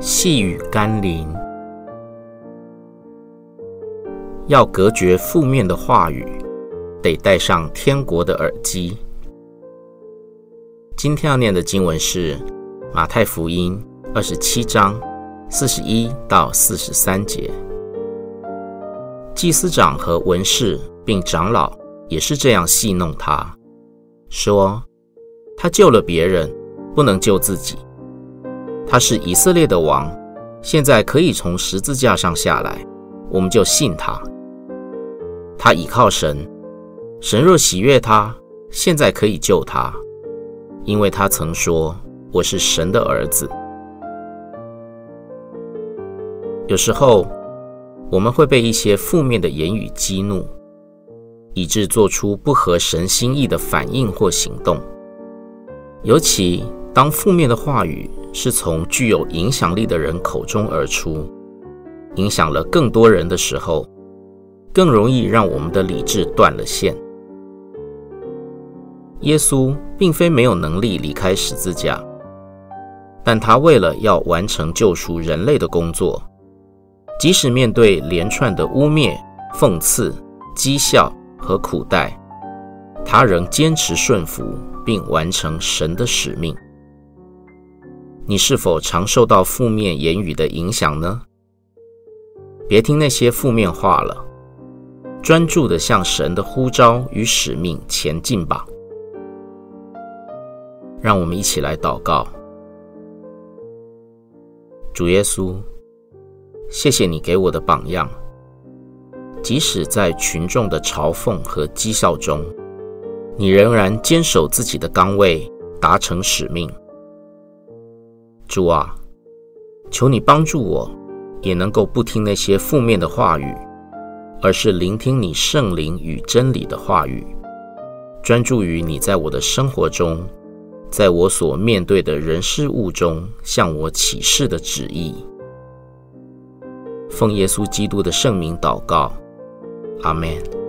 細語甘霖，要隔絕負面的話語，得戴上天國的耳機。今天要念的經文是《馬太福音》二十七章四十一到四十三節。祭司長和文士並長老也是這樣戲弄他，說他救了別人，不能救自己。他是以色列的王，現在可以從十字架上下來，我們就信他。他倚靠神，神若喜悅他，現在可以救他，因為他曾說，我是神的兒子。有時候我們會被一些負面的言語激怒，以致做出不合神心意的反應或行動，尤其當負面的話語。是從具有影響力的人口中而出，影響了更多人的時候，更容易讓我們的理智斷了線。耶穌並非沒有能力離開十字架，但他為了要完成救贖人類的工作，即使面對連串的污衊、諷刺、譏笑和苦待，他仍堅持順服並完成神的使命。你是否常受到負面言語的影響呢？別聽那些負面話了，專注地向神的呼召與使命前進吧。讓我們一起來禱告：主耶穌，謝謝你給我的榜樣，即使在群眾的嘲諷和譏笑中，你仍然堅守自己的崗位，達成使命。主啊，求你幫助我，也能夠不聽那些負面的話語，而是聆聽你聖靈與真理的話語，專注於你在我的生活中，在我所面對的人事物中向我啟示的旨意。奉耶穌基督的聖名禱告，阿們。